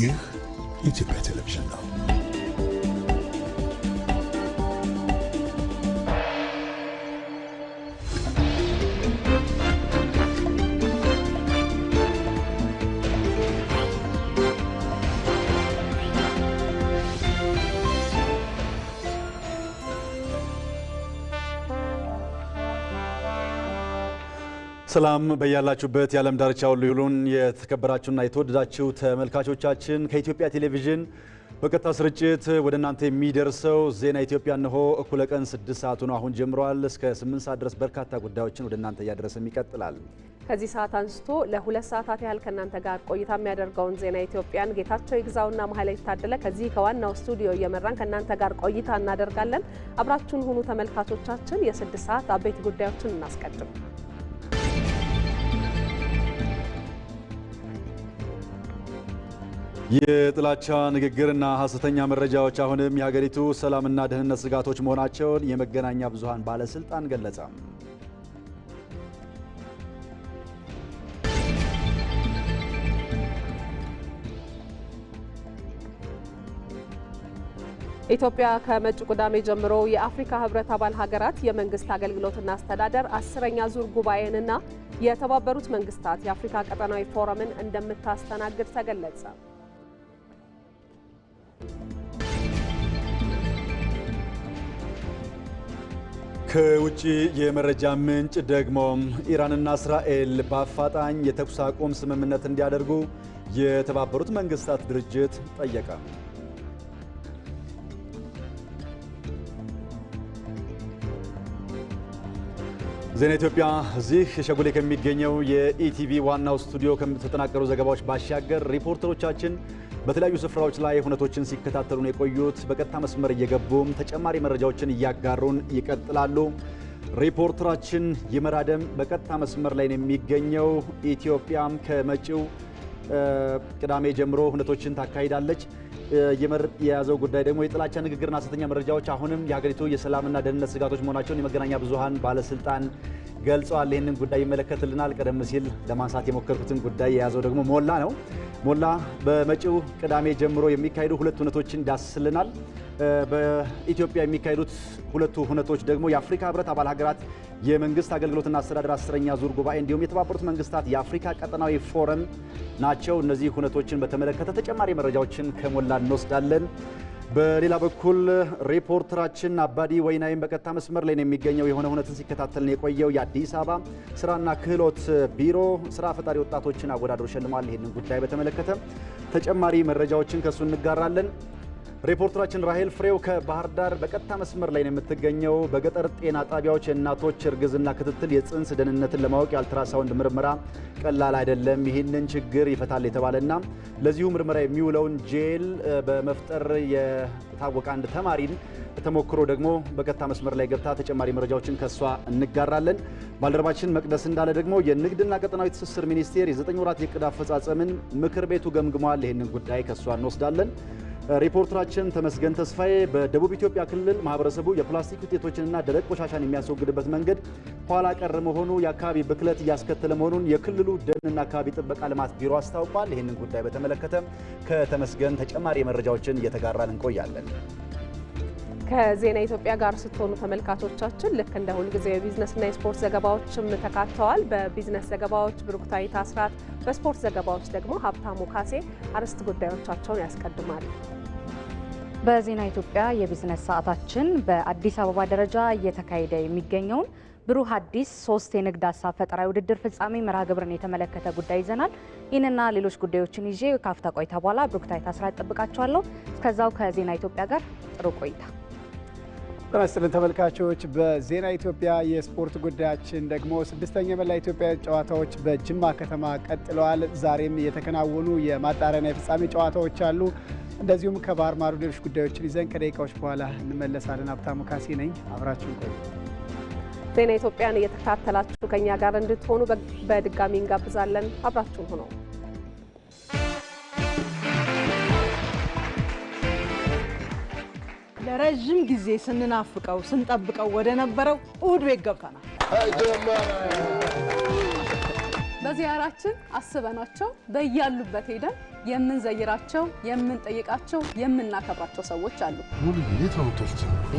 их и тебя ሰላም በያላችሁበት የዓለም ዳርቻ ሁሉ ይሁሉን። የተከበራችሁና የተወደዳችሁ ተመልካቾቻችን ከኢትዮጵያ ቴሌቪዥን በቀጥታ ስርጭት ወደ እናንተ የሚደርሰው ዜና ኢትዮጵያ እነሆ እኩለ ቀን 6 ሰዓቱ ነው አሁን ጀምሯል። እስከ 8 ሰዓት ድረስ በርካታ ጉዳዮችን ወደ እናንተ እያደረሰም ይቀጥላል። ከዚህ ሰዓት አንስቶ ለሁለት ሰዓታት ያህል ከእናንተ ጋር ቆይታ የሚያደርገውን ዜና ኢትዮጵያን ጌታቸው ይግዛውና መሀሌት ታደለ ከዚህ ከዋናው ስቱዲዮ እየመራን ከእናንተ ጋር ቆይታ እናደርጋለን። አብራችሁን ሁኑ ተመልካቾቻችን። የስድስት ሰዓት አበይት ጉዳዮችን እናስቀድም። የጥላቻ ንግግርና ሀሰተኛ መረጃዎች አሁንም የሀገሪቱ ሰላምና ደህንነት ስጋቶች መሆናቸውን የመገናኛ ብዙሃን ባለስልጣን ገለጸ። ኢትዮጵያ ከመጭ ቅዳሜ ጀምሮ የአፍሪካ ህብረት አባል ሀገራት የመንግስት አገልግሎትና አስተዳደር አስረኛ ዙር ጉባኤንና የተባበሩት መንግስታት የአፍሪካ ቀጠናዊ ፎረምን እንደምታስተናግድ ተገለጸ። ከውጭ የመረጃ ምንጭ ደግሞ ኢራንና እስራኤል በአፋጣኝ የተኩስ አቁም ስምምነት እንዲያደርጉ የተባበሩት መንግስታት ድርጅት ጠየቀ። ዜና ኢትዮጵያ እዚህ ሸጉሌ ከሚገኘው የኢቲቪ ዋናው ስቱዲዮ ከተጠናቀሩ ዘገባዎች ባሻገር ሪፖርተሮቻችን በተለያዩ ስፍራዎች ላይ ሁነቶችን ሲከታተሉን የቆዩት በቀጥታ መስመር እየገቡም ተጨማሪ መረጃዎችን እያጋሩን ይቀጥላሉ። ሪፖርተራችን ይመራደም በቀጥታ መስመር ላይ ነው የሚገኘው። ኢትዮጵያም ከመጪው ቅዳሜ ጀምሮ ሁነቶችን ታካሂዳለች። የያዘው ጉዳይ ደግሞ የጥላቻ ንግግርና ሐሰተኛ መረጃዎች አሁንም የሀገሪቱ የሰላምና ደህንነት ስጋቶች መሆናቸውን የመገናኛ ብዙሃን ባለስልጣን ገልጸዋል። ይህንን ጉዳይ ይመለከትልናል። ቀደም ሲል ለማንሳት የሞከርኩትን ጉዳይ የያዘው ደግሞ ሞላ ነው። ሞላ በመጪው ቅዳሜ ጀምሮ የሚካሄዱ ሁለት ሁነቶችን ዳስልናል። በኢትዮጵያ የሚካሄዱት ሁለቱ ሁነቶች ደግሞ የአፍሪካ ህብረት አባል ሀገራት የመንግስት አገልግሎትና አስተዳደር አስረኛ ዙር ጉባኤ እንዲሁም የተባበሩት መንግስታት የአፍሪካ ቀጠናዊ ፎረም ናቸው። እነዚህ ሁነቶችን በተመለከተ ተጨማሪ መረጃዎችን ከሞላ እንወስዳለን። በሌላ በኩል ሪፖርተራችን አባዲ ወይናይም በቀጥታ መስመር ላይ ነው የሚገኘው። የሆነ ሁነትን ሲከታተልን የቆየው የአዲስ አበባ ስራና ክህሎት ቢሮ ስራ ፈጣሪ ወጣቶችን አወዳድሮ ሸልሟል። ይህንን ጉዳይ በተመለከተ ተጨማሪ መረጃዎችን ከእሱ እንጋራለን። ሪፖርተራችን ራሄል ፍሬው ከባህር ዳር በቀጥታ መስመር ላይ ነው የምትገኘው። በገጠር ጤና ጣቢያዎች የእናቶች እርግዝና ክትትል፣ የጽንስ ደህንነትን ለማወቅ የአልትራሳውንድ ምርመራ ቀላል አይደለም። ይህንን ችግር ይፈታል የተባለና ለዚሁ ምርመራ የሚውለውን ጄል በመፍጠር የታወቀ አንድ ተማሪን ተሞክሮ ደግሞ በቀጥታ መስመር ላይ ገብታ ተጨማሪ መረጃዎችን ከሷ እንጋራለን። ባልደረባችን መቅደስ እንዳለ ደግሞ የንግድና ቀጠናዊ ትስስር ሚኒስቴር የዘጠኝ ወራት የቅድ አፈጻጸምን ምክር ቤቱ ገምግሟል። ይህንን ጉዳይ ከሷ እንወስዳለን። ሪፖርተራችን ተመስገን ተስፋዬ በደቡብ ኢትዮጵያ ክልል ማህበረሰቡ የፕላስቲክ ውጤቶችንና ደረቅ ቆሻሻን የሚያስወግድበት መንገድ ኋላ ቀር መሆኑ የአካባቢ ብክለት እያስከተለ መሆኑን የክልሉ ደንና አካባቢ ጥበቃ ልማት ቢሮ አስታውቋል። ይህንን ጉዳይ በተመለከተ ከተመስገን ተጨማሪ መረጃዎችን እየተጋራን እንቆያለን። ከዜና ኢትዮጵያ ጋር ስትሆኑ ተመልካቾቻችን ልክ እንደ ሁልጊዜ የቢዝነስና የስፖርት ዘገባዎችም ተካተዋል። በቢዝነስ ዘገባዎች ብሩክታዊት አስራት፣ በስፖርት ዘገባዎች ደግሞ ሀብታሙ ካሴ አርዕስት ጉዳዮቻቸውን ያስቀድማል። በዜና ኢትዮጵያ የቢዝነስ ሰዓታችን በአዲስ አበባ ደረጃ እየተካሄደ የሚገኘውን ብሩህ አዲስ ሶስት የንግድ ሀሳብ ፈጠራ ውድድር ፍጻሜ መርሃ ግብርን የተመለከተ ጉዳይ ይዘናል። ይህንና ሌሎች ጉዳዮችን ይዤ ካፍታ ቆይታ በኋላ ብሩክታይት ስራ ጠብቃችኋለሁ። እስከዛው ከዜና ኢትዮጵያ ጋር ጥሩ ቆይታ ጤና ይስጥልን ተመልካቾች። በዜና ኢትዮጵያ የስፖርት ጉዳያችን ደግሞ ስድስተኛ የመላ ኢትዮጵያ ጨዋታዎች በጅማ ከተማ ቀጥለዋል። ዛሬም የተከናወኑ የማጣሪያና የፍጻሜ ጨዋታዎች አሉ። እንደዚሁም ከባህር ማዶ ሌሎች ጉዳዮችን ይዘን ከደቂቃዎች በኋላ እንመለሳለን። ሀብታሙ ካሴ ነኝ፣ አብራችሁን ቆዩ። ዜና ኢትዮጵያን እየተከታተላችሁ ከኛ ጋር እንድትሆኑ በድጋሚ እንጋብዛለን። አብራችሁን ሆነው ለረዥም ጊዜ ስንናፍቀው ስንጠብቀው ወደ ነበረው እሁድ ቤት ገብተናል። በዚያራችን አስበናቸው በያሉበት ሄደን የምንዘይራቸው የምንጠይቃቸው የምናከብራቸው ሰዎች አሉ።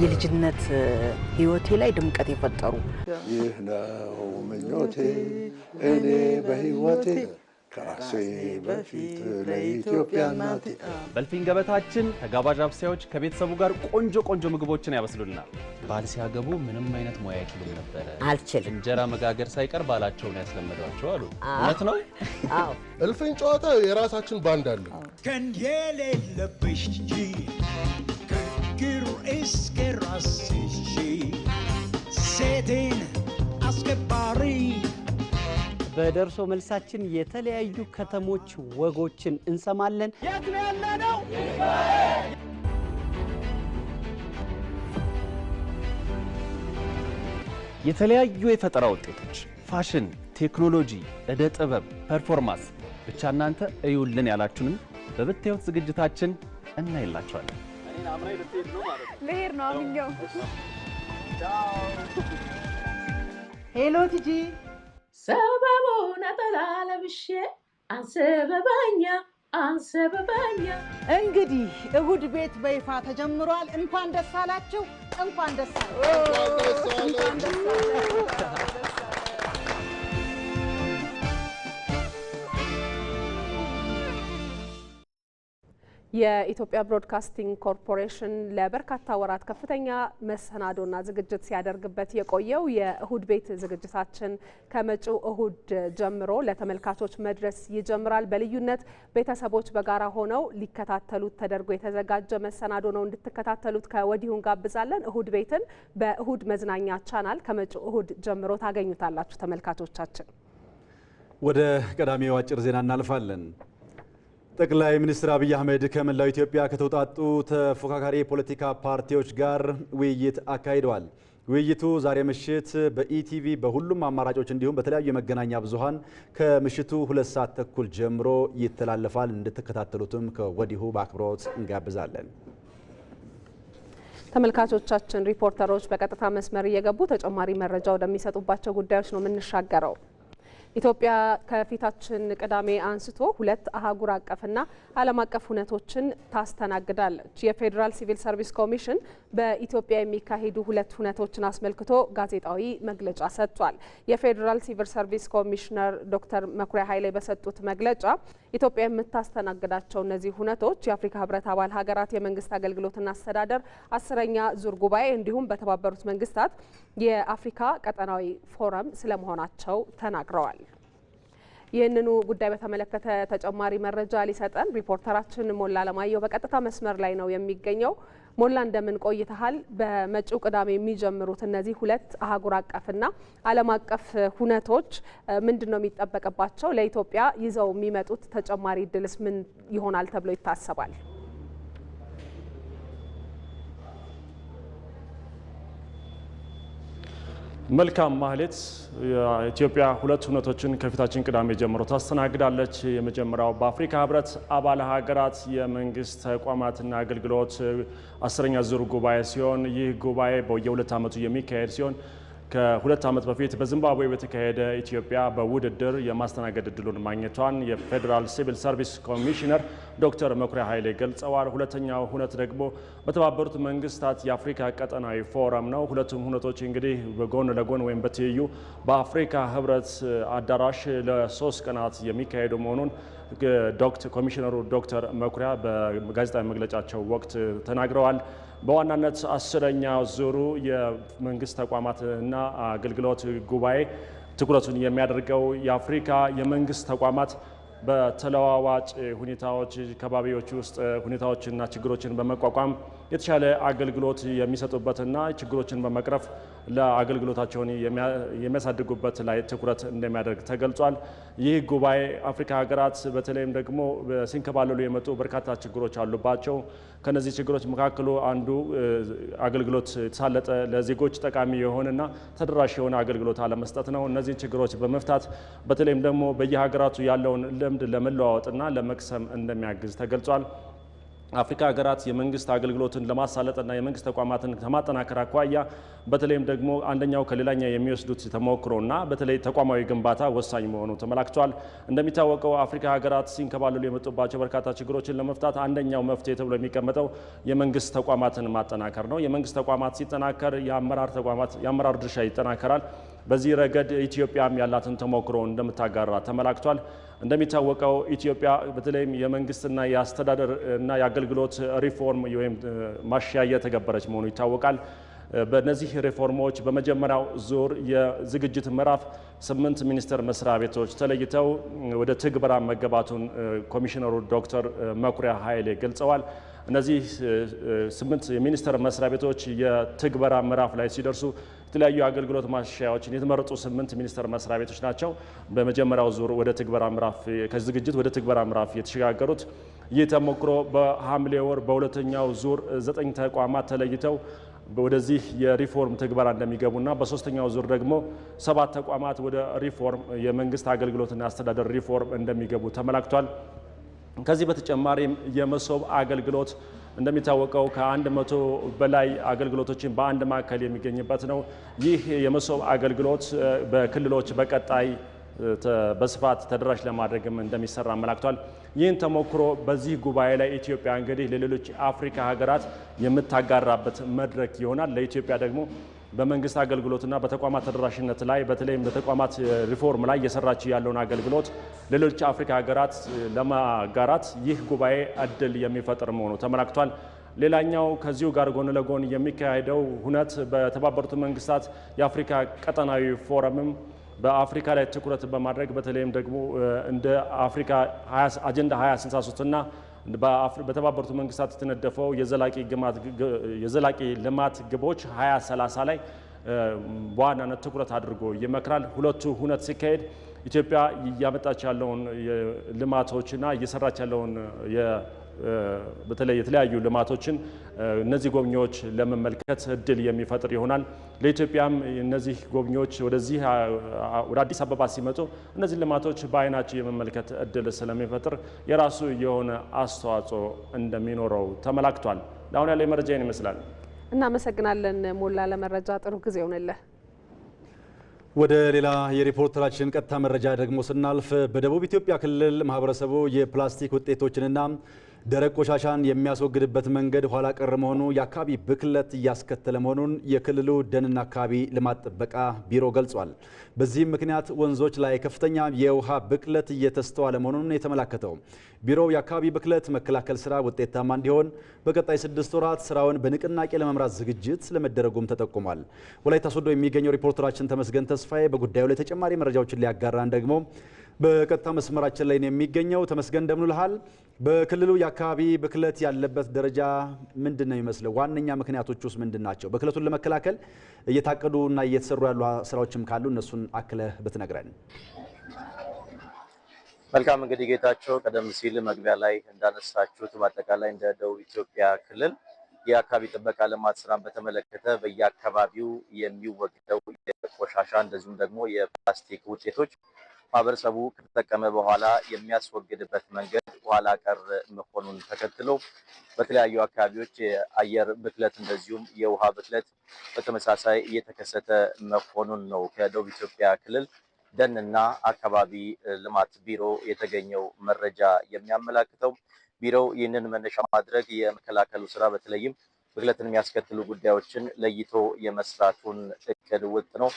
የልጅነት ህይወቴ ላይ ድምቀት የፈጠሩ ይህ ነው ምኞቴ እኔ በህይወቴ ከራሴ በፊት ለኢትዮጵያ እናቴ። ገበታችን ተጋባዥ አብሳዮች ከቤተሰቡ ጋር ቆንጆ ቆንጆ ምግቦችን ያበስሉናል። ባል ሲያገቡ ምንም አይነት ሙያ አይችሉም ነበረ። አልችልም እንጀራ መጋገር ሳይቀር ባላቸውን ያስለመዷቸው አሉ። እውነት ነው። እልፍኝ ጨዋታ የራሳችን ባንድ አለ። ሌለብሽ እስከ ራስሽ ሴቴን አስከባሪ በደርሶ መልሳችን የተለያዩ ከተሞች ወጎችን እንሰማለን። የት ነው የተለያዩ የፈጠራ ውጤቶች፣ ፋሽን፣ ቴክኖሎጂ፣ እደ ጥበብ፣ ፐርፎርማንስ ብቻ እናንተ እዩልን ያላችሁንም በብታዩት ዝግጅታችን እናይላቸዋለን። ልሄድ ነው አምኛው ሄሎ ቲጂ ሰበቡን ነጠላ ለብሼ አንሰበባኛ አንሰበባኛ። እንግዲህ እሑድ ቤት በይፋ ተጀምሯል። እንኳን ደስ አላችሁ፣ እንኳን ደስ አላችሁ። የኢትዮጵያ ብሮድካስቲንግ ኮርፖሬሽን ለበርካታ ወራት ከፍተኛ መሰናዶና ዝግጅት ሲያደርግበት የቆየው የእሁድ ቤት ዝግጅታችን ከመጪው እሁድ ጀምሮ ለተመልካቾች መድረስ ይጀምራል። በልዩነት ቤተሰቦች በጋራ ሆነው ሊከታተሉት ተደርጎ የተዘጋጀ መሰናዶ ነው። እንድትከታተሉት ከወዲሁ እንጋብዛለን። እሁድ ቤትን በእሁድ መዝናኛ ቻናል ከመጪው እሁድ ጀምሮ ታገኙታላችሁ ተመልካቾቻችን። ወደ ቀዳሚው አጭር ዜና እናልፋለን። ጠቅላይ ሚኒስትር አብይ አህመድ ከመላው ኢትዮጵያ ከተውጣጡ ተፎካካሪ የፖለቲካ ፓርቲዎች ጋር ውይይት አካሂደዋል። ውይይቱ ዛሬ ምሽት በኢቲቪ በሁሉም አማራጮች እንዲሁም በተለያዩ የመገናኛ ብዙሃን ከምሽቱ ሁለት ሰዓት ተኩል ጀምሮ ይተላለፋል። እንድትከታተሉትም ከወዲሁ በአክብሮት እንጋብዛለን። ተመልካቾቻችን፣ ሪፖርተሮች በቀጥታ መስመር እየገቡ ተጨማሪ መረጃ ወደሚሰጡባቸው ጉዳዮች ነው የምንሻገረው። ኢትዮጵያ ከፊታችን ቅዳሜ አንስቶ ሁለት አህጉር አቀፍና ዓለም አቀፍ ሁነቶችን ታስተናግዳለች። የፌዴራል ሲቪል ሰርቪስ ኮሚሽን በኢትዮጵያ የሚካሄዱ ሁለት ሁነቶችን አስመልክቶ ጋዜጣዊ መግለጫ ሰጥቷል። የፌዴራል ሲቪል ሰርቪስ ኮሚሽነር ዶክተር መኩሪያ ኃይሌ በሰጡት መግለጫ ኢትዮጵያ የምታስተናግዳቸው እነዚህ ሁነቶች የአፍሪካ ህብረት አባል ሀገራት የመንግስት አገልግሎትና አስተዳደር አስረኛ ዙር ጉባኤ እንዲሁም በተባበሩት መንግስታት የአፍሪካ ቀጠናዊ ፎረም ስለመሆናቸው ተናግረዋል። ይህንኑ ጉዳይ በተመለከተ ተጨማሪ መረጃ ሊሰጠን ሪፖርተራችን ሞላ ለማየሁ በቀጥታ መስመር ላይ ነው የሚገኘው። ሞላ እንደምን ቆይተሃል? በመጪው ቅዳሜ የሚጀምሩት እነዚህ ሁለት አህጉር አቀፍና ዓለም አቀፍ ሁነቶች ምንድን ነው የሚጠበቅባቸው? ለኢትዮጵያ ይዘው የሚመጡት ተጨማሪ እድልስ ምን ይሆናል ተብሎ ይታሰባል? መልካም ማህሌት ኢትዮጵያ ሁለት ሁነቶችን ከፊታችን ቅዳሜ ጀምሮ ታስተናግዳለች። የመጀመሪያው በአፍሪካ ህብረት አባል ሀገራት የመንግስት ተቋማትና አገልግሎት አስረኛ ዙር ጉባኤ ሲሆን ይህ ጉባኤ በየሁለት ዓመቱ የሚካሄድ ሲሆን ከሁለት ዓመት በፊት በዚምባብዌ በተካሄደ ኢትዮጵያ በውድድር የማስተናገድ እድሉን ማግኘቷን የፌዴራል ሲቪል ሰርቪስ ኮሚሽነር ዶክተር መኩሪያ ኃይሌ ገልጸዋል። ሁለተኛው ሁነት ደግሞ በተባበሩት መንግስታት የአፍሪካ ቀጠናዊ ፎረም ነው። ሁለቱም ሁነቶች እንግዲህ በጎን ለጎን ወይም በትይዩ በአፍሪካ ህብረት አዳራሽ ለሶስት ቀናት የሚካሄዱ መሆኑን ኮሚሽነሩ ዶክተር መኩሪያ በጋዜጣዊ መግለጫቸው ወቅት ተናግረዋል። በዋናነት አስረኛ ዙሩ የመንግስት ተቋማትና አገልግሎት ጉባኤ ትኩረቱን የሚያደርገው የአፍሪካ የመንግስት ተቋማት በተለዋዋጭ ሁኔታዎች ከባቢዎች ውስጥ ሁኔታዎችና ችግሮችን በመቋቋም የተሻለ አገልግሎት የሚሰጡበትና ችግሮችን በመቅረፍ ለአገልግሎታቸውን የሚያሳድጉበት ላይ ትኩረት እንደሚያደርግ ተገልጿል። ይህ ጉባኤ አፍሪካ ሀገራት በተለይም ደግሞ ሲንከባለሉ የመጡ በርካታ ችግሮች አሉባቸው። ከነዚህ ችግሮች መካከሉ አንዱ አገልግሎት የተሳለጠ ለዜጎች ጠቃሚ የሆነና ተደራሽ የሆነ አገልግሎት አለመስጠት ነው። እነዚህን ችግሮች በመፍታት በተለይም ደግሞ በየሀገራቱ ያለውን ልምድ ለመለዋወጥና ለመቅሰም እንደሚያግዝ ተገልጿል። አፍሪካ ሀገራት የመንግስት አገልግሎትን ለማሳለጥና የመንግስት ተቋማትን ከማጠናከር አኳያ በተለይም ደግሞ አንደኛው ከሌላኛ የሚወስዱት ተሞክሮና በተለይ ተቋማዊ ግንባታ ወሳኝ መሆኑ ተመላክቷል። እንደሚታወቀው አፍሪካ ሀገራት ሲንከባለሉ የመጡባቸው በርካታ ችግሮችን ለመፍታት አንደኛው መፍትሄ ተብሎ የሚቀመጠው የመንግስት ተቋማትን ማጠናከር ነው። የመንግስት ተቋማት ሲጠናከር የአመራር ድርሻ ይጠናከራል። በዚህ ረገድ ኢትዮጵያም ያላትን ተሞክሮ እንደምታጋራ ተመላክቷል። እንደሚታወቀው ኢትዮጵያ በተለይም የመንግስትና የአስተዳደር እና የአገልግሎት ሪፎርም ወይም ማሻያ እየተገበረች መሆኑ ይታወቃል። በነዚህ ሪፎርሞች በመጀመሪያው ዙር የዝግጅት ምዕራፍ ስምንት ሚኒስቴር መስሪያ ቤቶች ተለይተው ወደ ትግበራ መገባቱን ኮሚሽነሩ ዶክተር መኩሪያ ኃይሌ ገልጸዋል። እነዚህ ስምንት የሚኒስቴር መስሪያ ቤቶች የትግበራ ምዕራፍ ላይ ሲደርሱ የተለያዩ አገልግሎት ማሻሻያዎችን የተመረጡ ስምንት ሚኒስቴር መስሪያ ቤቶች ናቸው በመጀመሪያው ዙር ወደ ትግበራ ምዕራፍ ከዝግጅት ወደ ትግበራ ምዕራፍ የተሸጋገሩት። ይህ ተሞክሮ በሐምሌ ወር በሁለተኛው ዙር ዘጠኝ ተቋማት ተለይተው ወደዚህ የሪፎርም ትግበራ እንደሚገቡና በሶስተኛው ዙር ደግሞ ሰባት ተቋማት ወደ ሪፎርም የመንግስት አገልግሎትና አስተዳደር ሪፎርም እንደሚገቡ ተመላክቷል። ከዚህ በተጨማሪም የመሶብ አገልግሎት እንደሚታወቀው ከአንድ መቶ በላይ አገልግሎቶችን በአንድ ማዕከል የሚገኝበት ነው። ይህ የመሶብ አገልግሎት በክልሎች በቀጣይ በስፋት ተደራሽ ለማድረግም እንደሚሰራ አመላክቷል። ይህን ተሞክሮ በዚህ ጉባኤ ላይ ኢትዮጵያ እንግዲህ ለሌሎች አፍሪካ ሀገራት የምታጋራበት መድረክ ይሆናል። ለኢትዮጵያ ደግሞ በመንግስት አገልግሎትና በተቋማት ተደራሽነት ላይ በተለይም በተቋማት ሪፎርም ላይ እየሰራች ያለውን አገልግሎት ሌሎች አፍሪካ ሀገራት ለማጋራት ይህ ጉባኤ እድል የሚፈጥር መሆኑ ተመላክቷል። ሌላኛው ከዚሁ ጋር ጎን ለጎን የሚካሄደው ሁነት በተባበሩት መንግስታት የአፍሪካ ቀጠናዊ ፎረምም በአፍሪካ ላይ ትኩረት በማድረግ በተለይም ደግሞ እንደ አፍሪካ አጀንዳ 2063 እና በተባበሩት መንግስታት የተነደፈው የዘላቂ ልማት ግቦች 2030 ላይ በዋናነት ትኩረት አድርጎ ይመክራል። ሁለቱ ሁነት ሲካሄድ ኢትዮጵያ እያመጣች ያለውን ልማቶችና እየሰራች ያለውን በተለይ የተለያዩ ልማቶችን እነዚህ ጎብኚዎች ለመመልከት እድል የሚፈጥር ይሆናል። ለኢትዮጵያም እነዚህ ጎብኚዎች ወደዚህ ወደ አዲስ አበባ ሲመጡ እነዚህ ልማቶች በአይናቸው የመመልከት እድል ስለሚፈጥር የራሱ የሆነ አስተዋጽኦ እንደሚኖረው ተመላክቷል። ለአሁን ያለ መረጃ ይህን ይመስላል። እናመሰግናለን ሞላ ለመረጃ ጥሩ ጊዜ ሆነልህ። ወደ ሌላ የሪፖርተራችን ቀጥታ መረጃ ደግሞ ስናልፍ በደቡብ ኢትዮጵያ ክልል ማህበረሰቡ የፕላስቲክ ውጤቶችንና ደረቅ ቆሻሻን የሚያስወግድበት መንገድ ኋላ ቀር መሆኑ የአካባቢ ብክለት እያስከተለ መሆኑን የክልሉ ደንና አካባቢ ልማት ጥበቃ ቢሮ ገልጿል። በዚህም ምክንያት ወንዞች ላይ ከፍተኛ የውሃ ብክለት እየተስተዋለ መሆኑን የተመላከተው ቢሮው የአካባቢ ብክለት መከላከል ስራ ውጤታማ እንዲሆን በቀጣይ ስድስት ወራት ስራውን በንቅናቄ ለመምራት ዝግጅት ለመደረጉም ተጠቁሟል። ወላይታ ሶዶ የሚገኘው ሪፖርተራችን ተመስገን ተስፋዬ በጉዳዩ ላይ ተጨማሪ መረጃዎችን ሊያጋራን ደግሞ በቀጥታ መስመራችን ላይ ነው የሚገኘው። ተመስገን እንደምንልሃል። በክልሉ የአካባቢ ብክለት ያለበት ደረጃ ምንድን ነው የሚመስለው? ዋነኛ ምክንያቶች ውስጥ ምንድን ናቸው? ብክለቱን ለመከላከል እየታቀዱ እና እየተሰሩ ያሉ ስራዎችም ካሉ እነሱን አክለህ ብትነግረን። መልካም እንግዲህ ጌታቸው፣ ቀደም ሲል መግቢያ ላይ እንዳነሳችሁት በአጠቃላይ እንደ ደቡብ ኢትዮጵያ ክልል የአካባቢ ጥበቃ ልማት ስራን በተመለከተ በየአካባቢው የሚወገደው የቆሻሻ እንደዚሁም ደግሞ የፕላስቲክ ውጤቶች ማህበረሰቡ ከተጠቀመ በኋላ የሚያስወግድበት መንገድ ኋላ ቀር መሆኑን ተከትሎ በተለያዩ አካባቢዎች የአየር ብክለት እንደዚሁም የውሃ ብክለት በተመሳሳይ እየተከሰተ መሆኑን ነው ከደቡብ ኢትዮጵያ ክልል ደንና አካባቢ ልማት ቢሮ የተገኘው መረጃ የሚያመላክተው። ቢሮው ይህንን መነሻ ማድረግ የመከላከሉ ስራ በተለይም ብክለትን የሚያስከትሉ ጉዳዮችን ለይቶ የመስራቱን እቅድ ውጥ ነው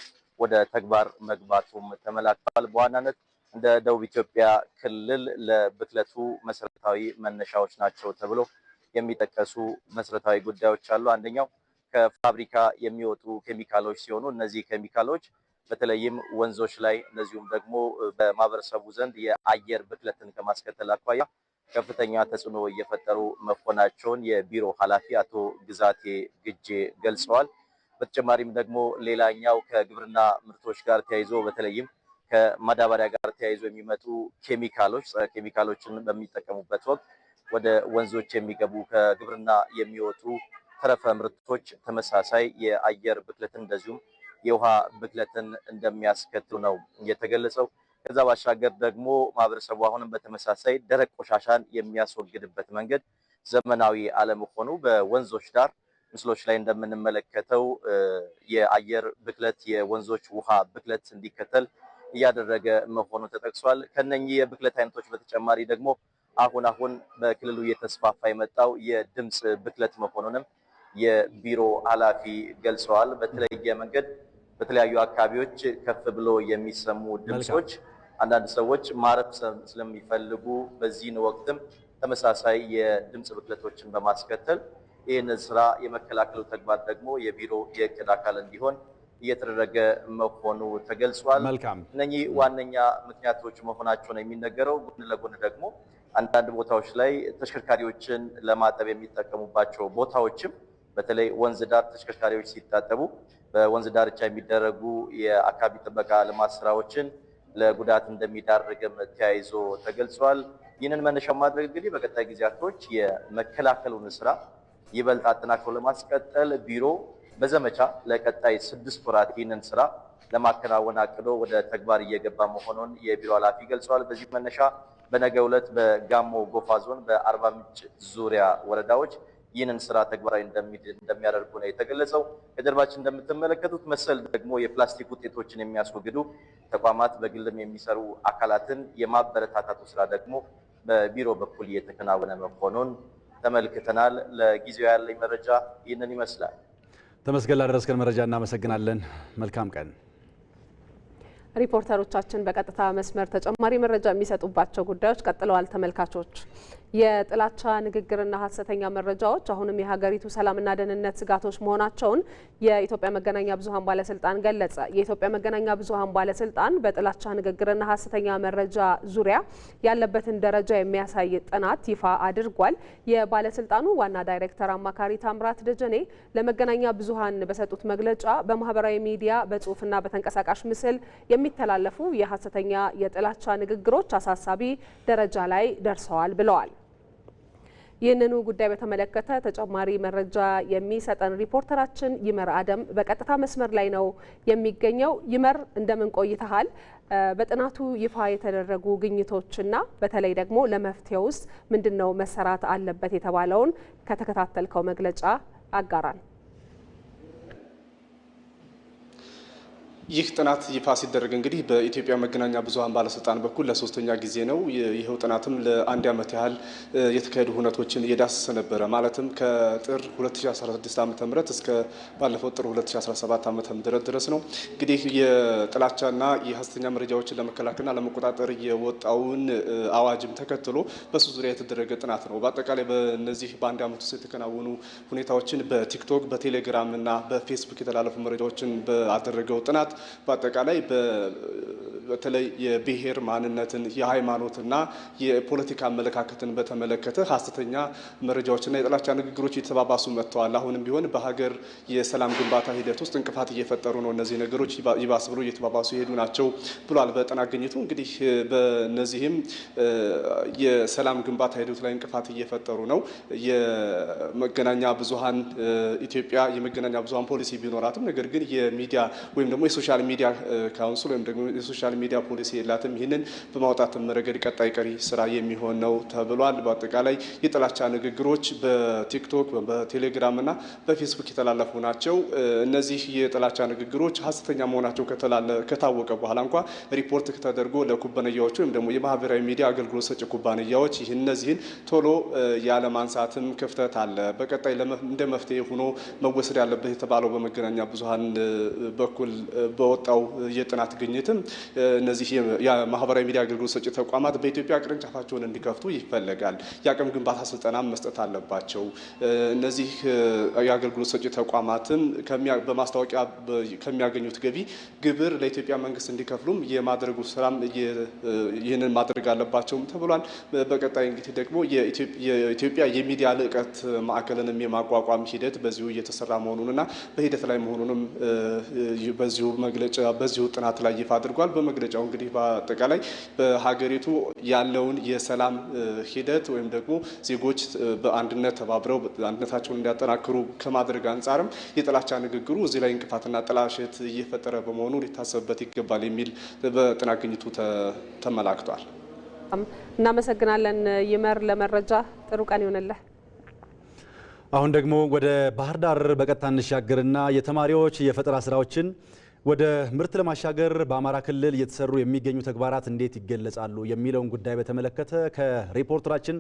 ወደ ተግባር መግባቱም ተመላክተዋል። በዋናነት እንደ ደቡብ ኢትዮጵያ ክልል ለብክለቱ መሰረታዊ መነሻዎች ናቸው ተብሎ የሚጠቀሱ መሰረታዊ ጉዳዮች አሉ። አንደኛው ከፋብሪካ የሚወጡ ኬሚካሎች ሲሆኑ እነዚህ ኬሚካሎች በተለይም ወንዞች ላይ እንደዚሁም ደግሞ በማህበረሰቡ ዘንድ የአየር ብክለትን ከማስከተል አኳያ ከፍተኛ ተጽዕኖ እየፈጠሩ መሆናቸውን የቢሮ ኃላፊ አቶ ግዛቴ ግጄ ገልጸዋል። በተጨማሪም ደግሞ ሌላኛው ከግብርና ምርቶች ጋር ተያይዞ በተለይም ከማዳበሪያ ጋር ተያይዞ የሚመጡ ኬሚካሎች ጸረ ኬሚካሎችን በሚጠቀሙበት ወቅት ወደ ወንዞች የሚገቡ ከግብርና የሚወጡ ተረፈ ምርቶች ተመሳሳይ የአየር ብክለትን እንደዚሁም የውሃ ብክለትን እንደሚያስከትሉ ነው የተገለጸው። ከዛ ባሻገር ደግሞ ማህበረሰቡ አሁንም በተመሳሳይ ደረቅ ቆሻሻን የሚያስወግድበት መንገድ ዘመናዊ አለመሆኑ በወንዞች ዳር ምስሎች ላይ እንደምንመለከተው የአየር ብክለት የወንዞች ውሃ ብክለት እንዲከተል እያደረገ መሆኑ ተጠቅሷል። ከነኚህ የብክለት አይነቶች በተጨማሪ ደግሞ አሁን አሁን በክልሉ እየተስፋፋ የመጣው የድምፅ ብክለት መሆኑንም የቢሮ ኃላፊ ገልጸዋል። በተለየ መንገድ በተለያዩ አካባቢዎች ከፍ ብሎ የሚሰሙ ድምፆች አንዳንድ ሰዎች ማረፍ ስለሚፈልጉ በዚህን ወቅትም ተመሳሳይ የድምፅ ብክለቶችን በማስከተል ይህንን ስራ የመከላከሉ ተግባር ደግሞ የቢሮ የእቅድ አካል እንዲሆን እየተደረገ መሆኑ ተገልጿል። መልካም። እነኚህ ዋነኛ ምክንያቶች መሆናቸው ነው የሚነገረው። ጎን ለጎን ደግሞ አንዳንድ ቦታዎች ላይ ተሽከርካሪዎችን ለማጠብ የሚጠቀሙባቸው ቦታዎችም በተለይ ወንዝ ዳር ተሽከርካሪዎች ሲታጠቡ በወንዝ ዳርቻ የሚደረጉ የአካባቢ ጥበቃ ልማት ስራዎችን ለጉዳት እንደሚዳርግም ተያይዞ ተገልጿል። ይህንን መነሻ ማድረግ እንግዲህ በቀጣይ ጊዜያቶች የመከላከሉን ስራ ይበልጥ አጠናክሮ ለማስቀጠል ቢሮ በዘመቻ ለቀጣይ ስድስት ወራት ይህንን ስራ ለማከናወን አቅዶ ወደ ተግባር እየገባ መሆኑን የቢሮ ኃላፊ ገልጸዋል። በዚህ መነሻ በነገው ዕለት በጋሞ ጎፋ ዞን በአርባ ምንጭ ዙሪያ ወረዳዎች ይህንን ስራ ተግባራዊ እንደሚያደርጉ ነው የተገለጸው። ከጀርባችን እንደምትመለከቱት መሰል ደግሞ የፕላስቲክ ውጤቶችን የሚያስወግዱ ተቋማት በግልም የሚሰሩ አካላትን የማበረታታቱ ስራ ደግሞ በቢሮ በኩል እየተከናወነ መሆኑን ተመልክተናል። ለጊዜው ያለኝ መረጃ ይህንን ይመስላል። ተመስገን፣ ላደረስከን መረጃ እናመሰግናለን። መልካም ቀን። ሪፖርተሮቻችን በቀጥታ መስመር ተጨማሪ መረጃ የሚሰጡባቸው ጉዳዮች ቀጥለዋል። ተመልካቾች የጥላቻ ንግግርና ሀሰተኛ መረጃዎች አሁንም የሀገሪቱ ሰላምና ደህንነት ስጋቶች መሆናቸውን የኢትዮጵያ መገናኛ ብዙሀን ባለስልጣን ገለጸ። የኢትዮጵያ መገናኛ ብዙሀን ባለስልጣን በጥላቻ ንግግርና ሀሰተኛ መረጃ ዙሪያ ያለበትን ደረጃ የሚያሳይ ጥናት ይፋ አድርጓል። የባለስልጣኑ ዋና ዳይሬክተር አማካሪ ታምራት ደጀኔ ለመገናኛ ብዙሀን በሰጡት መግለጫ በማህበራዊ ሚዲያ በጽሁፍና በተንቀሳቃሽ ምስል የሚተላለፉ የሀሰተኛ የጥላቻ ንግግሮች አሳሳቢ ደረጃ ላይ ደርሰዋል ብለዋል። ይህንኑ ጉዳይ በተመለከተ ተጨማሪ መረጃ የሚሰጠን ሪፖርተራችን ይመር አደም በቀጥታ መስመር ላይ ነው የሚገኘው። ይመር እንደምን ቆይተሃል? በጥናቱ ይፋ የተደረጉ ግኝቶችና በተለይ ደግሞ ለመፍትሄ ውስጥ ምንድን ነው መሰራት አለበት የተባለውን ከተከታተልከው መግለጫ አጋራን። ይህ ጥናት ይፋ ሲደረግ እንግዲህ በኢትዮጵያ መገናኛ ብዙኃን ባለስልጣን በኩል ለሶስተኛ ጊዜ ነው። ይኸው ጥናትም ለአንድ ዓመት ያህል የተካሄዱ ሁነቶችን እየዳሰሰ ነበረ። ማለትም ከጥር 2016 ዓ ም እስከ ባለፈው ጥር 2017 ዓ ም ድረስ ነው እንግዲህ የጥላቻና የሀሰተኛ መረጃዎችን ለመከላከልና ለመቆጣጠር የወጣውን አዋጅም ተከትሎ በሱ ዙሪያ የተደረገ ጥናት ነው። በአጠቃላይ በነዚህ በአንድ ዓመት ውስጥ የተከናወኑ ሁኔታዎችን በቲክቶክ በቴሌግራምና በፌስቡክ የተላለፉ መረጃዎችን በአደረገው ጥናት በአጠቃላይ በተለይ የብሔር ማንነትን፣ የሃይማኖትና የፖለቲካ አመለካከትን በተመለከተ ሀሰተኛ መረጃዎችና የጥላቻ ንግግሮች እየተባባሱ መጥተዋል። አሁንም ቢሆን በሀገር የሰላም ግንባታ ሂደት ውስጥ እንቅፋት እየፈጠሩ ነው። እነዚህ ነገሮች ይባስ ብሎ እየተባባሱ ይሄዱ ናቸው ብሏል። በጥናት ግኝቱ እንግዲህ በነዚህም የሰላም ግንባታ ሂደት ላይ እንቅፋት እየፈጠሩ ነው። የመገናኛ ብዙሀን ኢትዮጵያ የመገናኛ ብዙሀን ፖሊሲ ቢኖራትም ነገር ግን የሚዲያ ወይም ደግሞ የሶሻል ሚዲያ ካውንስል ወይም ደግሞ የሶሻል የሶሻል ሚዲያ ፖሊሲ የላትም። ይህንን በማውጣትም ረገድ ቀጣይ ቀሪ ስራ የሚሆን ነው ተብሏል። በአጠቃላይ የጥላቻ ንግግሮች በቲክቶክ በቴሌግራምና በፌስቡክ የተላለፉ ናቸው። እነዚህ የጥላቻ ንግግሮች ሀሰተኛ መሆናቸው ከታወቀ በኋላ እንኳ ሪፖርት ተደርጎ ለኩባንያዎች ወይም ደግሞ የማህበራዊ ሚዲያ አገልግሎት ሰጪ ኩባንያዎች ይህ እነዚህን ቶሎ ያለማንሳትም ክፍተት አለ። በቀጣይ እንደ መፍትሄ ሆኖ መወሰድ ያለበት የተባለው በመገናኛ ብዙሃን በኩል በወጣው የጥናት ግኝትም እነዚህ የማህበራዊ ሚዲያ አገልግሎት ሰጪ ተቋማት በኢትዮጵያ ቅርንጫፋቸውን እንዲከፍቱ ይፈለጋል። የአቅም ግንባታ ስልጠና መስጠት አለባቸው። እነዚህ የአገልግሎት ሰጪ ተቋማትም በማስታወቂያ ከሚያገኙት ገቢ ግብር ለኢትዮጵያ መንግስት እንዲከፍሉም የማድረጉ ስራም ይህንን ማድረግ አለባቸውም ተብሏል። በቀጣይ እንግዲህ ደግሞ የኢትዮጵያ የሚዲያ ልዕቀት ማዕከልንም የማቋቋም ሂደት በዚሁ እየተሰራ መሆኑንና በሂደት ላይ መሆኑንም በዚሁ መግለጫ በዚሁ ጥናት ላይ ይፋ አድርጓል። መግለጫው እንግዲህ በአጠቃላይ በሀገሪቱ ያለውን የሰላም ሂደት ወይም ደግሞ ዜጎች በአንድነት ተባብረው አንድነታቸውን እንዲያጠናክሩ ከማድረግ አንጻርም የጥላቻ ንግግሩ እዚህ ላይ እንቅፋትና ጥላሸት እየፈጠረ በመሆኑ ሊታሰብበት ይገባል የሚል በጥናት ግኝቱ ተመላክቷል። እናመሰግናለን ይመር ለመረጃ ጥሩ ቀን ይሆንልህ። አሁን ደግሞ ወደ ባህር ዳር በቀጥታ እንሻገርና የተማሪዎች የፈጠራ ስራዎችን ወደ ምርት ለማሻገር በአማራ ክልል እየተሰሩ የሚገኙ ተግባራት እንዴት ይገለጻሉ የሚለውን ጉዳይ በተመለከተ ከሪፖርተራችን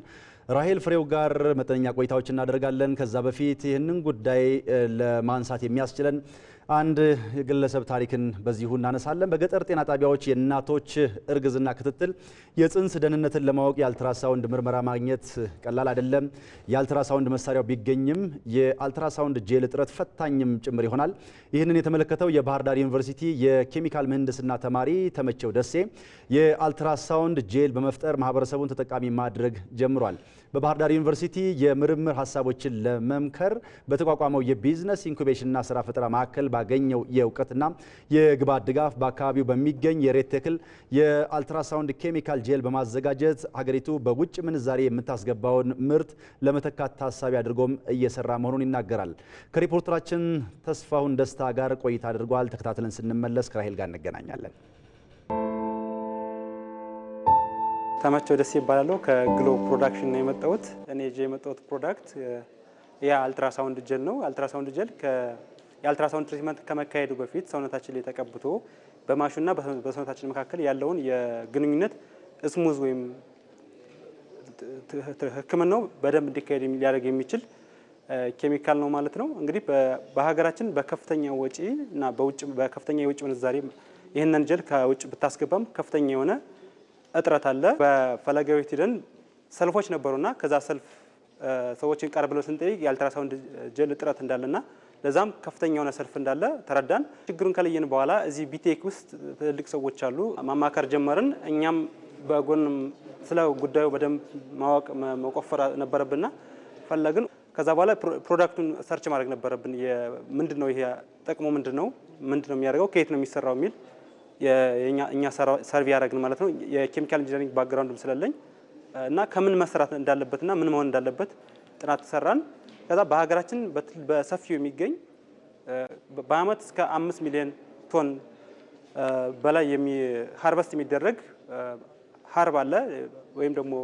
ራሄል ፍሬው ጋር መጠነኛ ቆይታዎች እናደርጋለን። ከዛ በፊት ይህንን ጉዳይ ለማንሳት የሚያስችለን አንድ የግለሰብ ታሪክን በዚሁ እናነሳለን። በገጠር ጤና ጣቢያዎች የእናቶች እርግዝና ክትትል የጽንስ ደህንነትን ለማወቅ የአልትራሳውንድ ምርመራ ማግኘት ቀላል አይደለም። የአልትራሳውንድ መሳሪያው ቢገኝም የአልትራሳውንድ ጄል እጥረት ፈታኝም ጭምር ይሆናል። ይህንን የተመለከተው የባህር ዳር ዩኒቨርሲቲ የኬሚካል ምህንድስና ተማሪ ተመቸው ደሴ የአልትራሳውንድ ጄል በመፍጠር ማህበረሰቡን ተጠቃሚ ማድረግ ጀምሯል። በባህር ዳር ዩኒቨርሲቲ የምርምር ሀሳቦችን ለመምከር በተቋቋመው የቢዝነስ ኢንኩቤሽንና ስራ ፈጠራ ማዕከል ባገኘው የእውቀትና የግብዓት ድጋፍ በአካባቢው በሚገኝ የሬት ተክል የአልትራሳውንድ ኬሚካል ጄል በማዘጋጀት ሀገሪቱ በውጭ ምንዛሬ የምታስገባውን ምርት ለመተካት ታሳቢ አድርጎም እየሰራ መሆኑን ይናገራል። ከሪፖርተራችን ተስፋሁን ደስታ ጋር ቆይታ አድርጓል። ተከታትለን ስንመለስ ከራሄል ጋር እንገናኛለን። ታማቸው ደስ ይባላለሁ። ከግሎ ፕሮዳክሽን ነው የመጣሁት። እኔ ይዤ የመጣሁት ፕሮዳክት ያ አልትራሳውንድ ጀል ነው። አልትራሳውንድ ጀል የአልትራሳውንድ ትሪትመንት ከመካሄዱ በፊት ሰውነታችን ላይ ተቀብቶ በማሹና በሰውነታችን መካከል ያለውን የግንኙነት እስሙዝ ወይም ሕክምናው በደንብ እንዲካሄድ ሊያደርግ የሚችል ኬሚካል ነው ማለት ነው። እንግዲህ በሀገራችን በከፍተኛ ወጪ እና በውጭ በከፍተኛ የውጭ ምንዛሬ ይህንን ጀል ከውጭ ብታስገባም ከፍተኛ የሆነ እጥረት አለ። በፈለጋዊት ሂደን ሰልፎች ነበሩና ከዛ ሰልፍ ሰዎችን ቀረብ ብለው ስንጠይቅ የአልትራሳውንድ ጀል እጥረት እንዳለና ለዛም ከፍተኛ የሆነ ሰልፍ እንዳለ ተረዳን። ችግሩን ከለየን በኋላ እዚህ ቢቴክ ውስጥ ትልልቅ ሰዎች አሉ፣ ማማከር ጀመርን። እኛም በጎን ስለ ጉዳዩ በደንብ ማወቅ መቆፈር ነበረብንና ፈለግን። ከዛ በኋላ ፕሮዳክቱን ሰርች ማድረግ ነበረብን። ምንድን ነው ይሄ ጥቅሙ ምንድን ነው? ምንድን ነው የሚያደርገው? ከየት ነው የሚሰራው? የሚል እኛ ሰርቪ ያደረግን ማለት ነው። የኬሚካል ኢንጂነሪንግ ባክግራውንድም ስለለኝ እና ከምን መስራት እንዳለበትና ምን መሆን እንዳለበት ጥናት ሰራን። ከዛ በሀገራችን በሰፊው የሚገኝ በአመት እስከ አምስት ሚሊዮን ቶን በላይ ሀርቨስት የሚደረግ ሀርብ አለ ወይም ደግሞ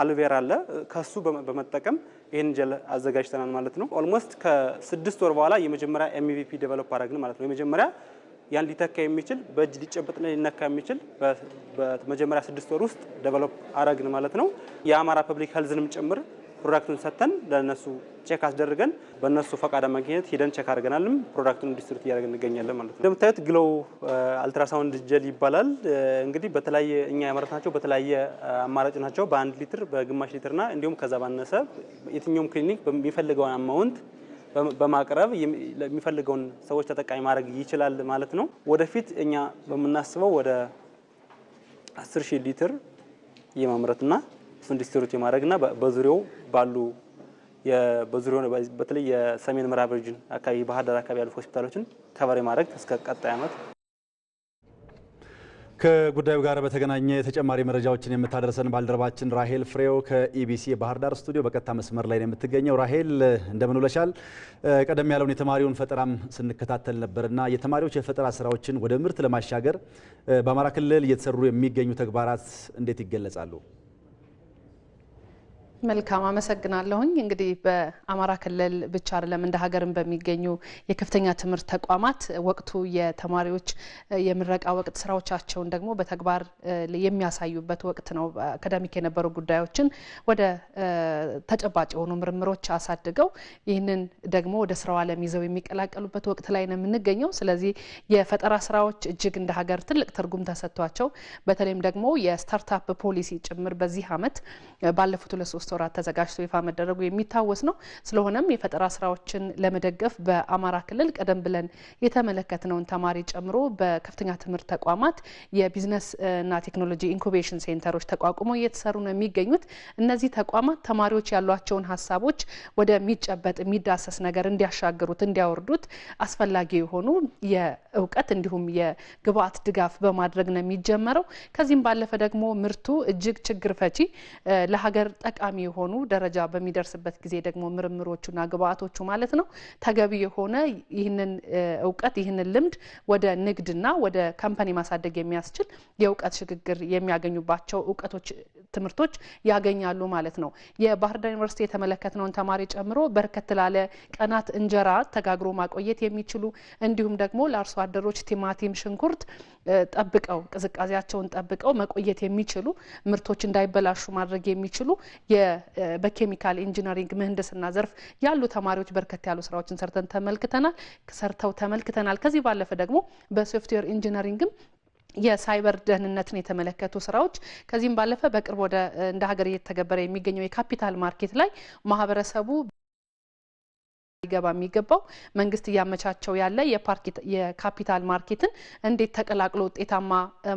አልቬራ አለ። ከሱ በመጠቀም ይህን ጀል አዘጋጅተናል ማለት ነው። ኦልሞስት ከስድስት ወር በኋላ የመጀመሪያ ኤምቪፒ ዴቨሎፕ አደረግን ማለት ነው። የመጀመሪያ ያን ሊተካ የሚችል በእጅ ሊጨበጥና ሊነካ የሚችል በመጀመሪያ ስድስት ወር ውስጥ ደቨሎፕ አረግን ማለት ነው። የአማራ ፐብሊክ ሄልዝንም ጭምር ፕሮዳክቱን ሰጥተን ለነሱ ቼክ አስደርገን በእነሱ ፈቃድ ማግኘት ሂደን ቼክ አድርገናልም ፕሮዳክቱን ዲስትሪት እያደረግ እንገኛለን ማለት ነው። እንደምታዩት ግሎው አልትራሳውንድ ጀል ይባላል። እንግዲህ በተለያየ እኛ ያመረት ናቸው በተለያየ አማራጭ ናቸው። በአንድ ሊትር፣ በግማሽ ሊትርና እንዲሁም ከዛ ባነሰ የትኛውም ክሊኒክ በሚፈልገውን አማውንት በማቅረብ የሚፈልገውን ሰዎች ተጠቃሚ ማድረግ ይችላል ማለት ነው። ወደፊት እኛ በምናስበው ወደ 10 ሺህ ሊትር የማምረትና እሱን ዲስትሪት የማድረግና በዙሪያው ባሉ በዙሪያው በተለይ የሰሜን ምዕራብ ሪጅን አካባቢ ባህር ዳር አካባቢ ያሉ ሆስፒታሎችን ከቨር ማድረግ እስከ ቀጣይ ዓመት ከጉዳዩ ጋር በተገናኘ ተጨማሪ መረጃዎችን የምታደርሰን ባልደረባችን ራሄል ፍሬው ከኢቢሲ የባህር ዳር ስቱዲዮ በቀጥታ መስመር ላይ ነው የምትገኘው። ራሄል እንደምን ውለሻል? ቀደም ያለውን የተማሪውን ፈጠራም ስንከታተል ነበርና የተማሪዎች የፈጠራ ስራዎችን ወደ ምርት ለማሻገር በአማራ ክልል እየተሰሩ የሚገኙ ተግባራት እንዴት ይገለጻሉ? መልካም አመሰግናለሁኝ። እንግዲህ በአማራ ክልል ብቻ አይደለም እንደ ሀገርም በሚገኙ የከፍተኛ ትምህርት ተቋማት ወቅቱ የተማሪዎች የምረቃ ወቅት ስራዎቻቸውን ደግሞ በተግባር የሚያሳዩበት ወቅት ነው። አካዳሚክ የነበሩ ጉዳዮችን ወደ ተጨባጭ የሆኑ ምርምሮች አሳድገው ይህንን ደግሞ ወደ ስራው ዓለም ይዘው የሚቀላቀሉበት ወቅት ላይ ነው የምንገኘው። ስለዚህ የፈጠራ ስራዎች እጅግ እንደ ሀገር ትልቅ ትርጉም ተሰጥቷቸው በተለይም ደግሞ የስታርታፕ ፖሊሲ ጭምር በዚህ አመት ባለፉት ሁለት ሶስት ወራት ተዘጋጅቶ ይፋ መደረጉ የሚታወስ ነው። ስለሆነም የፈጠራ ስራዎችን ለመደገፍ በአማራ ክልል ቀደም ብለን የተመለከትነውን ተማሪ ጨምሮ በከፍተኛ ትምህርት ተቋማት የቢዝነስና ቴክኖሎጂ ኢንኩቤሽን ሴንተሮች ተቋቁመው እየተሰሩ ነው የሚገኙት። እነዚህ ተቋማት ተማሪዎች ያሏቸውን ሀሳቦች ወደሚጨበጥ የሚዳሰስ ነገር እንዲያሻግሩት፣ እንዲያወርዱት አስፈላጊ የሆኑ የእውቀት እንዲሁም የግብአት ድጋፍ በማድረግ ነው የሚጀመረው። ከዚህም ባለፈ ደግሞ ምርቱ እጅግ ችግር ፈቺ ለሀገር ጠቃሚ ጠቃሚ የሆኑ ደረጃ በሚደርስበት ጊዜ ደግሞ ምርምሮቹና ግብአቶቹ ማለት ነው ተገቢ የሆነ ይህንን እውቀት ይህንን ልምድ ወደ ንግድና ወደ ካምፓኒ ማሳደግ የሚያስችል የእውቀት ሽግግር የሚያገኙባቸው እውቀቶች፣ ትምህርቶች ያገኛሉ ማለት ነው። የባህር ዳር ዩኒቨርሲቲ የተመለከትነውን ተማሪ ጨምሮ በርከት ላለ ቀናት እንጀራ ተጋግሮ ማቆየት የሚችሉ እንዲሁም ደግሞ ለአርሶ አደሮች ቲማቲም፣ ሽንኩርት ጠብቀው ቅዝቃዜያቸውን ጠብቀው መቆየት የሚችሉ ምርቶች እንዳይበላሹ ማድረግ የሚችሉ በኬሚካል ኢንጂነሪንግ ምህንድስና ዘርፍ ያሉ ተማሪዎች በርከት ያሉ ስራዎችን ሰርተን ተመልክተናል ሰርተው ተመልክተናል። ከዚህ ባለፈ ደግሞ በሶፍትዌር ኢንጂነሪንግም የሳይበር ደህንነትን የተመለከቱ ስራዎች ከዚህም ባለፈ በቅርብ ወደ እንደ ሀገር እየተገበረ የሚገኘው የካፒታል ማርኬት ላይ ማህበረሰቡ ሊገባ የሚገባው መንግስት እያመቻቸው ያለ የካፒታል ማርኬትን እንዴት ተቀላቅሎ ውጤታማ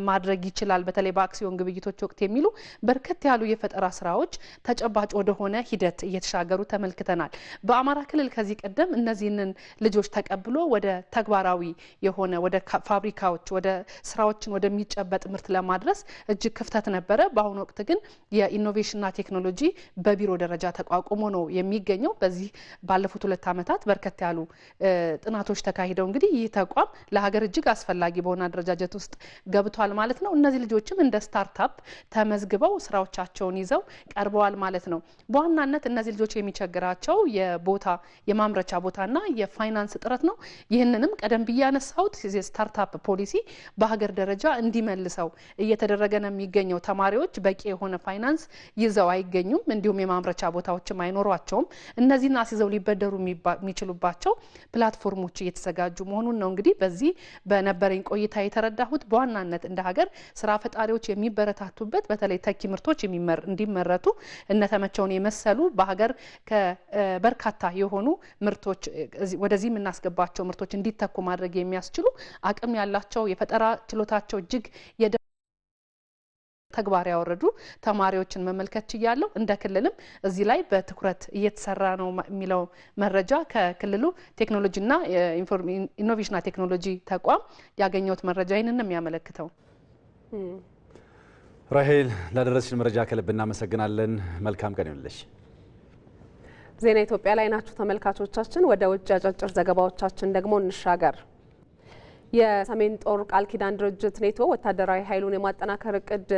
ማድረግ ይችላል፣ በተለይ በአክሲዮን ግብይቶች ወቅት የሚሉ በርከት ያሉ የፈጠራ ስራዎች ተጨባጭ ወደሆነ ሂደት እየተሻገሩ ተመልክተናል። በአማራ ክልል ከዚህ ቀደም እነዚህንን ልጆች ተቀብሎ ወደ ተግባራዊ የሆነ ወደ ፋብሪካዎች ወደ ስራዎችን ወደሚጨበጥ ምርት ለማድረስ እጅግ ክፍተት ነበረ። በአሁኑ ወቅት ግን የኢኖቬሽንና ቴክኖሎጂ በቢሮ ደረጃ ተቋቁሞ ነው የሚገኘው። በዚህ ባለፉት ሁለት ዓመታት በርከት ያሉ ጥናቶች ተካሂደው እንግዲህ ይህ ተቋም ለሀገር እጅግ አስፈላጊ በሆነ አደረጃጀት ውስጥ ገብቷል ማለት ነው። እነዚህ ልጆችም እንደ ስታርታፕ ተመዝግበው ስራዎቻቸውን ይዘው ቀርበዋል ማለት ነው። በዋናነት እነዚህ ልጆች የሚቸግራቸው የቦታ የማምረቻ ቦታና የፋይናንስ እጥረት ነው። ይህንንም ቀደም ብዬ ያነሳሁት የስታርታፕ ፖሊሲ በሀገር ደረጃ እንዲመልሰው እየተደረገ ነው የሚገኘው። ተማሪዎች በቂ የሆነ ፋይናንስ ይዘው አይገኙም፣ እንዲሁም የማምረቻ ቦታዎችም አይኖሯቸውም። እነዚህን አስይዘው ሊበደሩ የሚባ የሚችሉባቸው ፕላትፎርሞች እየተዘጋጁ መሆኑን ነው እንግዲህ በዚህ በነበረኝ ቆይታ የተረዳሁት። በዋናነት እንደ ሀገር ስራ ፈጣሪዎች የሚበረታቱበት በተለይ ተኪ ምርቶች እንዲመረቱ እነተመቸውን የመሰሉ በሀገር በርካታ የሆኑ ምርቶች ወደዚህ የምናስገባቸው ምርቶች እንዲተኩ ማድረግ የሚያስችሉ አቅም ያላቸው የፈጠራ ችሎታቸው እጅግ የደ ተግባር ያወረዱ ተማሪዎችን መመልከት ችያለሁ። እንደ ክልልም እዚህ ላይ በትኩረት እየተሰራ ነው የሚለው መረጃ ከክልሉ ቴክኖሎጂና ኢኖቬሽንና ቴክኖሎጂ ተቋም ያገኘሁት መረጃ ይህንን የሚያመለክተው። ራሄል ላደረስሽን መረጃ ከልብ እናመሰግናለን። መልካም ቀን ይሁንልሽ። ዜና ኢትዮጵያ ላይ ናችሁ ተመልካቾቻችን። ወደ ውጭ አጫጭር ዘገባዎቻችን ደግሞ እንሻገር። የሰሜን ጦር ቃል ኪዳን ድርጅት ኔቶ ወታደራዊ ኃይሉን የማጠናከር እቅድ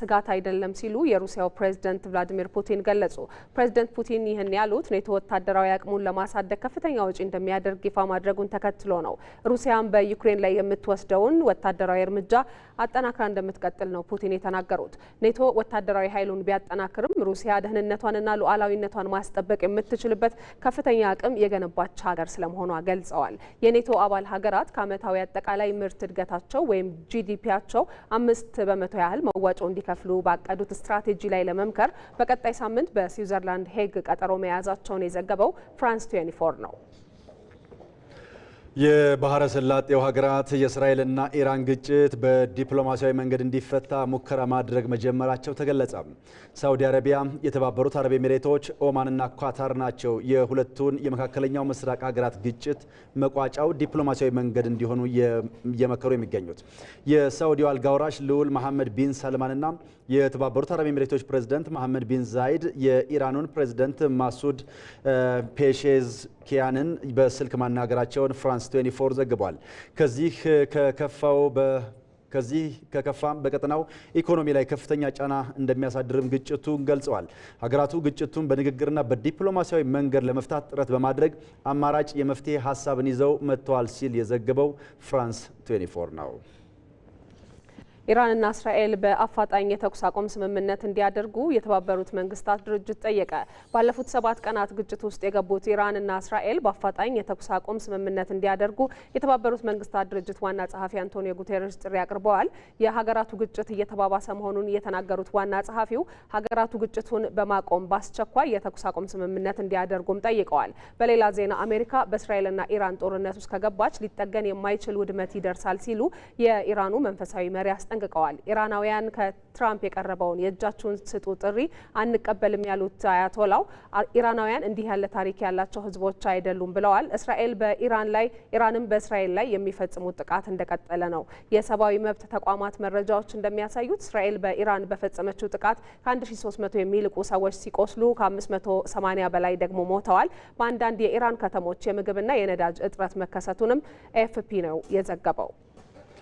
ስጋት አይደለም ሲሉ የሩሲያው ፕሬዚደንት ቭላዲሚር ፑቲን ገለጹ። ፕሬዝደንት ፑቲን ይህን ያሉት ኔቶ ወታደራዊ አቅሙን ለማሳደግ ከፍተኛ ወጪ እንደሚያደርግ ይፋ ማድረጉን ተከትሎ ነው። ሩሲያም በዩክሬን ላይ የምትወስደውን ወታደራዊ እርምጃ አጠናክራ እንደምትቀጥል ነው ፑቲን የተናገሩት። ኔቶ ወታደራዊ ኃይሉን ቢያጠናክርም ሩሲያ ደህንነቷንና ሉዓላዊነቷን ማስጠበቅ የምትችልበት ከፍተኛ አቅም የገነባች ሀገር ስለመሆኗ ገልጸዋል። የኔቶ አባል ሀገራት ከዓመት ዓመታዊ አጠቃላይ ምርት እድገታቸው ወይም ጂዲፒያቸው አምስት በመቶ ያህል መዋጮ እንዲከፍሉ ባቀዱት ስትራቴጂ ላይ ለመምከር በቀጣይ ሳምንት በስዊዘርላንድ ሄግ ቀጠሮ መያዛቸውን የዘገበው ፍራንስ 24 ነው። የባህረ ሰላጤው ሀገራት የእስራኤልና ኢራን ግጭት በዲፕሎማሲያዊ መንገድ እንዲፈታ ሙከራ ማድረግ መጀመራቸው ተገለጸ። ሳውዲ አረቢያ፣ የተባበሩት አረብ ኤሚሬቶች፣ ኦማንና ኳታር ናቸው የሁለቱን የመካከለኛው ምስራቅ ሀገራት ግጭት መቋጫው ዲፕሎማሲያዊ መንገድ እንዲሆኑ እየመከሩ የሚገኙት። የሳውዲው አልጋውራሽ ልዑል መሐመድ ቢን ሰልማንና የተባበሩት አረብ ኤሚሬቶች ፕሬዚደንት መሐመድ ቢን ዛይድ የኢራኑን ፕሬዚደንት ማሱድ ፔሼዝ ኪያንን በስልክ ማናገራቸውን ፍራንስ ፋስት24 ዘግቧል። ከዚህ ከከፋው ከዚህ ከከፋም በቀጠናው ኢኮኖሚ ላይ ከፍተኛ ጫና እንደሚያሳድርም ግጭቱን ገልጸዋል። ሀገራቱ ግጭቱን በንግግርና በዲፕሎማሲያዊ መንገድ ለመፍታት ጥረት በማድረግ አማራጭ የመፍትሄ ሀሳብን ይዘው መጥተዋል ሲል የዘገበው ፍራንስ 24 ነው። ኢራንና እስራኤል በአፋጣኝ የተኩስ አቁም ስምምነት እንዲያደርጉ የተባበሩት መንግስታት ድርጅት ጠየቀ። ባለፉት ሰባት ቀናት ግጭት ውስጥ የገቡት ኢራንና እስራኤል በአፋጣኝ የተኩስ አቁም ስምምነት እንዲያደርጉ የተባበሩት መንግስታት ድርጅት ዋና ጸሐፊ አንቶኒዮ ጉቴሬስ ጥሪ አቅርበዋል። የሀገራቱ ግጭት እየተባባሰ መሆኑን የተናገሩት ዋና ጸሐፊው ሀገራቱ ግጭቱን በማቆም በአስቸኳይ የተኩስ አቁም ስምምነት እንዲያደርጉም ጠይቀዋል። በሌላ ዜና አሜሪካ በእስራኤልና ኢራን ጦርነት ውስጥ ከገባች ሊጠገን የማይችል ውድመት ይደርሳል ሲሉ የኢራኑ መንፈሳዊ መሪ አስጠ አስጠንቅቀዋል። ኢራናውያን ከትራምፕ የቀረበውን የእጃችሁን ስጡ ጥሪ አንቀበልም ያሉት አያቶላው ኢራናውያን እንዲህ ያለ ታሪክ ያላቸው ህዝቦች አይደሉም ብለዋል። እስራኤል በኢራን ላይ ኢራንም በእስራኤል ላይ የሚፈጽሙት ጥቃት እንደቀጠለ ነው። የሰብአዊ መብት ተቋማት መረጃዎች እንደሚያሳዩት እስራኤል በኢራን በፈጸመችው ጥቃት ከ1300 የሚልቁ ሰዎች ሲቆስሉ ከ580 በላይ ደግሞ ሞተዋል። በአንዳንድ የኢራን ከተሞች የምግብና የነዳጅ እጥረት መከሰቱንም ኤፍፒ ነው የዘገበው።